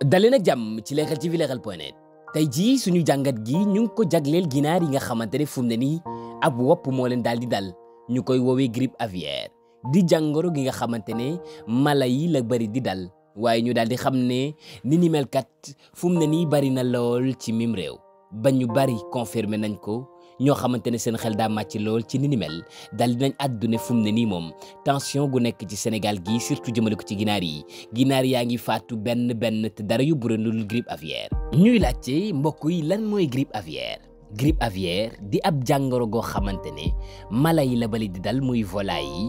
dalee nag jàmm ci Leral TV Leral point net tey jii suñu jàngat gi ñu ngi ko jagleel ginaar yi nga xamante ne fu mu ne nii ab wopp moo leen daal di dal ñu koy woowee grippe aviaire di jàngoro gi nga xamante ne mala yi la bëri di dal waaye ñu daal di xam ne ni ni melkat fu ne nii bari na lool ci mim réew ba ñu bari confirmé nañ ko ñoo xamante ne seen xel daa ci lool ci ni ni mel daal dinañ àddune fu ne nii moom tension gu nekk ci Sénégal gii surtout jëmale ko ci ginaar yi ginaar yaa ngi faatu benn benn te dara yu buranul grippe aviaire ñuy laajte mbokk yi lan mooy grippe aviaire grippe aviaire di ab jàngoro goo xamante ne mala yi la bali di dal muy volaille yi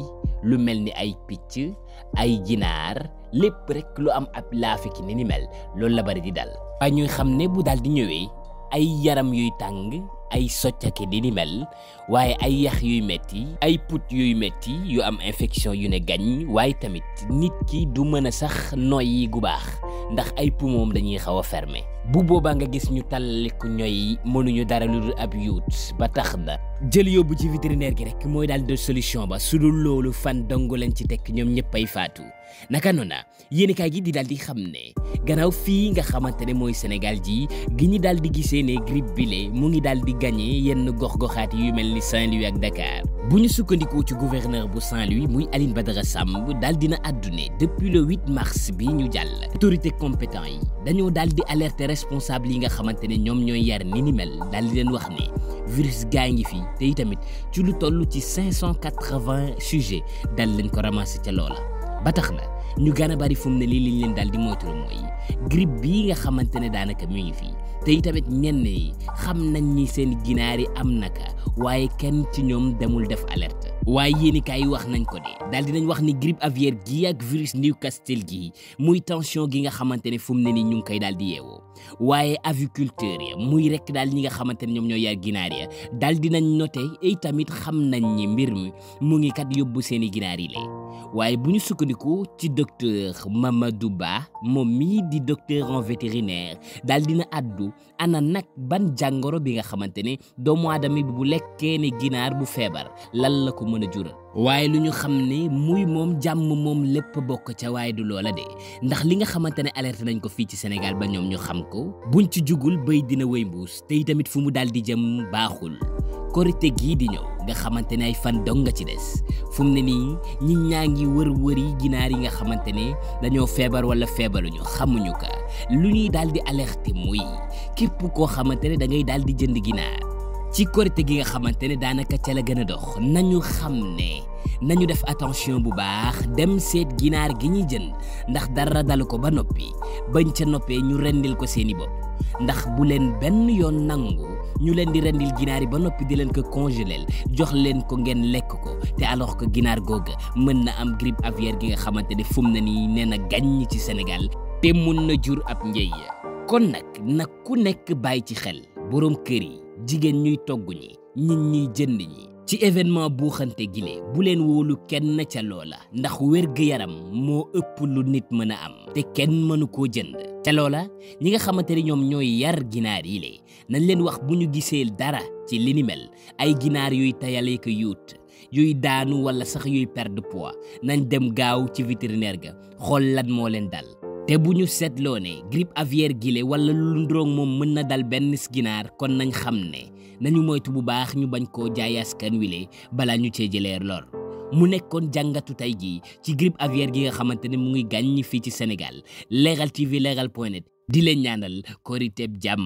lu mel ni ay picc ay ginaar lépp rek lu am ab laafiki ni ni mel loolu la bari di dal waaye ñuy xam ne bu daal di ñëwee ay yaram yuy tàng ay soccake di ni mel waaye ay yax yuy metti ay put yuy metti yu am infection yu ne gañ waaye tamit nit ki du mën a sax noyyi gu baax ndax ay poumons dañuy xaw a fermer bu boobaa nga gis ñu tallaliku ñooy mënuñu dara lu dul ab yuut ba tax na jël yóbbu ci vitrinaire gi rek mooy daal de solution ba su dul loolu fan dong leen ci tekk ñoom ñëpp ay faatu naka noona yéenekaay gi di daal di xam ne gannaaw fii nga xamante ne mooy Sénégal ji gi ñu daal di gisee ne grippe bile mu ngi daal di gagné yenn gox-goxaat yu mel ni Saint-Louis ak Dakar. bu ñu sukkandikoo ci gouverneur bu Saint-Louis muy Aline Badara Samb daal dina àddune depuis le 8 mars bi ñu jàll autorité compétent yi dañoo daal di alerter responsable yi nga xamante ne ñoom ñooy yar ni ni mel daal di leen wax ne virus gaa ngi fi tey tamit ci lu toll ci 580 sujets daal leen ko ramassé ca loola ba tax na ñu gën a bari fu ne lii liñ leen daal di moytu mooy grippe bii nga xamante ne daanaka mi ngi fii te itamit ñenn yi xam nañ ni seen ginaar yi am naka waaye kenn ci ñoom demul def alerte waaye yéenikaay yi wax nañ ko de daal dinañ wax ni grippe aviaire gi ak virus Newcastle gi muy tension gi nga xamante ne fu ne nii ñu ngi koy daal di yeewoo waaye aviculteur ya muy rek daal ñi nga xamante ne ñoom ñoo yar ginaar ya daal dinañ noté tamit xam nañ ni mbir mi mu ngi kat yóbbu seen i ginaar yi waaye bu ñu sukkandiku ci docteur Mamadou Ba moom mii di docteur en vétérinaire daal dina àddu ana nag ban jàngoro bi nga xamante ne doomu aadama bi bu lekkee ne ginaar bu feebar lan la ko mën a jural waaye lu ñu xam ne muy moom jàmm moom lépp bokk ca waaye du loola de ndax li nga xamante ne alerte nañ ko fii ci Sénégal ba ñoom ñu xam ko buñ ci jugul bay dina wéy mbuus te itamit fu mu daal di jëm baaxul korite gii di ñëw nga xamante ne ay fan dong nga ci des fu mu ne nii ñi ñaa ngi wër wëri ginaar yi nga xamante ne dañoo feebar wala feebaruñu xamuñu ko lu ñuy daal di alerter muy képp koo xamante ne da daal di jënd ginaar ci korite gi nga xamante ne daanaka ca a gën a dox nañu xam ne nañu def attention bu baax dem seet ginaar gi ñuy jënd ndax dara dalu ko ba noppi bañ ca noppee ñu rendil ko seeni bopp ndax bu leen benn yoon nangu ñu leen di rendil ginaar yi ba noppi di leen ko congeleel jox leen ko ngeen lekk ko te alors que ginaar googa mën na am grippe aviaire gi nga xamante ne fu mu ne nii nee na gàññ ci Sénégal te mun na jur ab njëy kon nag nag ku nekk bàyyi ci xel boroom kër yi jigéen ñuy togg ñi nit ñiy jënd ñi ci événement buuxante gile bu leen wóolu kenn ca loola ndax wér gi yaram moo ëpp lu nit mën a am te kenn mënu koo jënd ca loola ñi nga xamante ni ñoom ñooy yar ginaar yi le nañ leen wax bu ñu gisee dara ci li ay ginaar yuy tayale yuut yuy daanu wala sax yuy perdre poids nañ dem gaaw ci vétérinaire ga xool lan moo leen dal te bu ñu seetloo ne grippe aviaire gile wala lu ndroog moom mën na dal benn ginaar kon nañ xam ne nañu moytu bu baax ñu bañ koo jaay askan wile balaa ñu cee jëlee lor mu nekkoon jàngatu tey jii ci grippe aviaire gi nga xamante ne mu ngi gàññi fii ci Sénégal Leral TV Leral point net di leen ñaanal koriteeb jàmm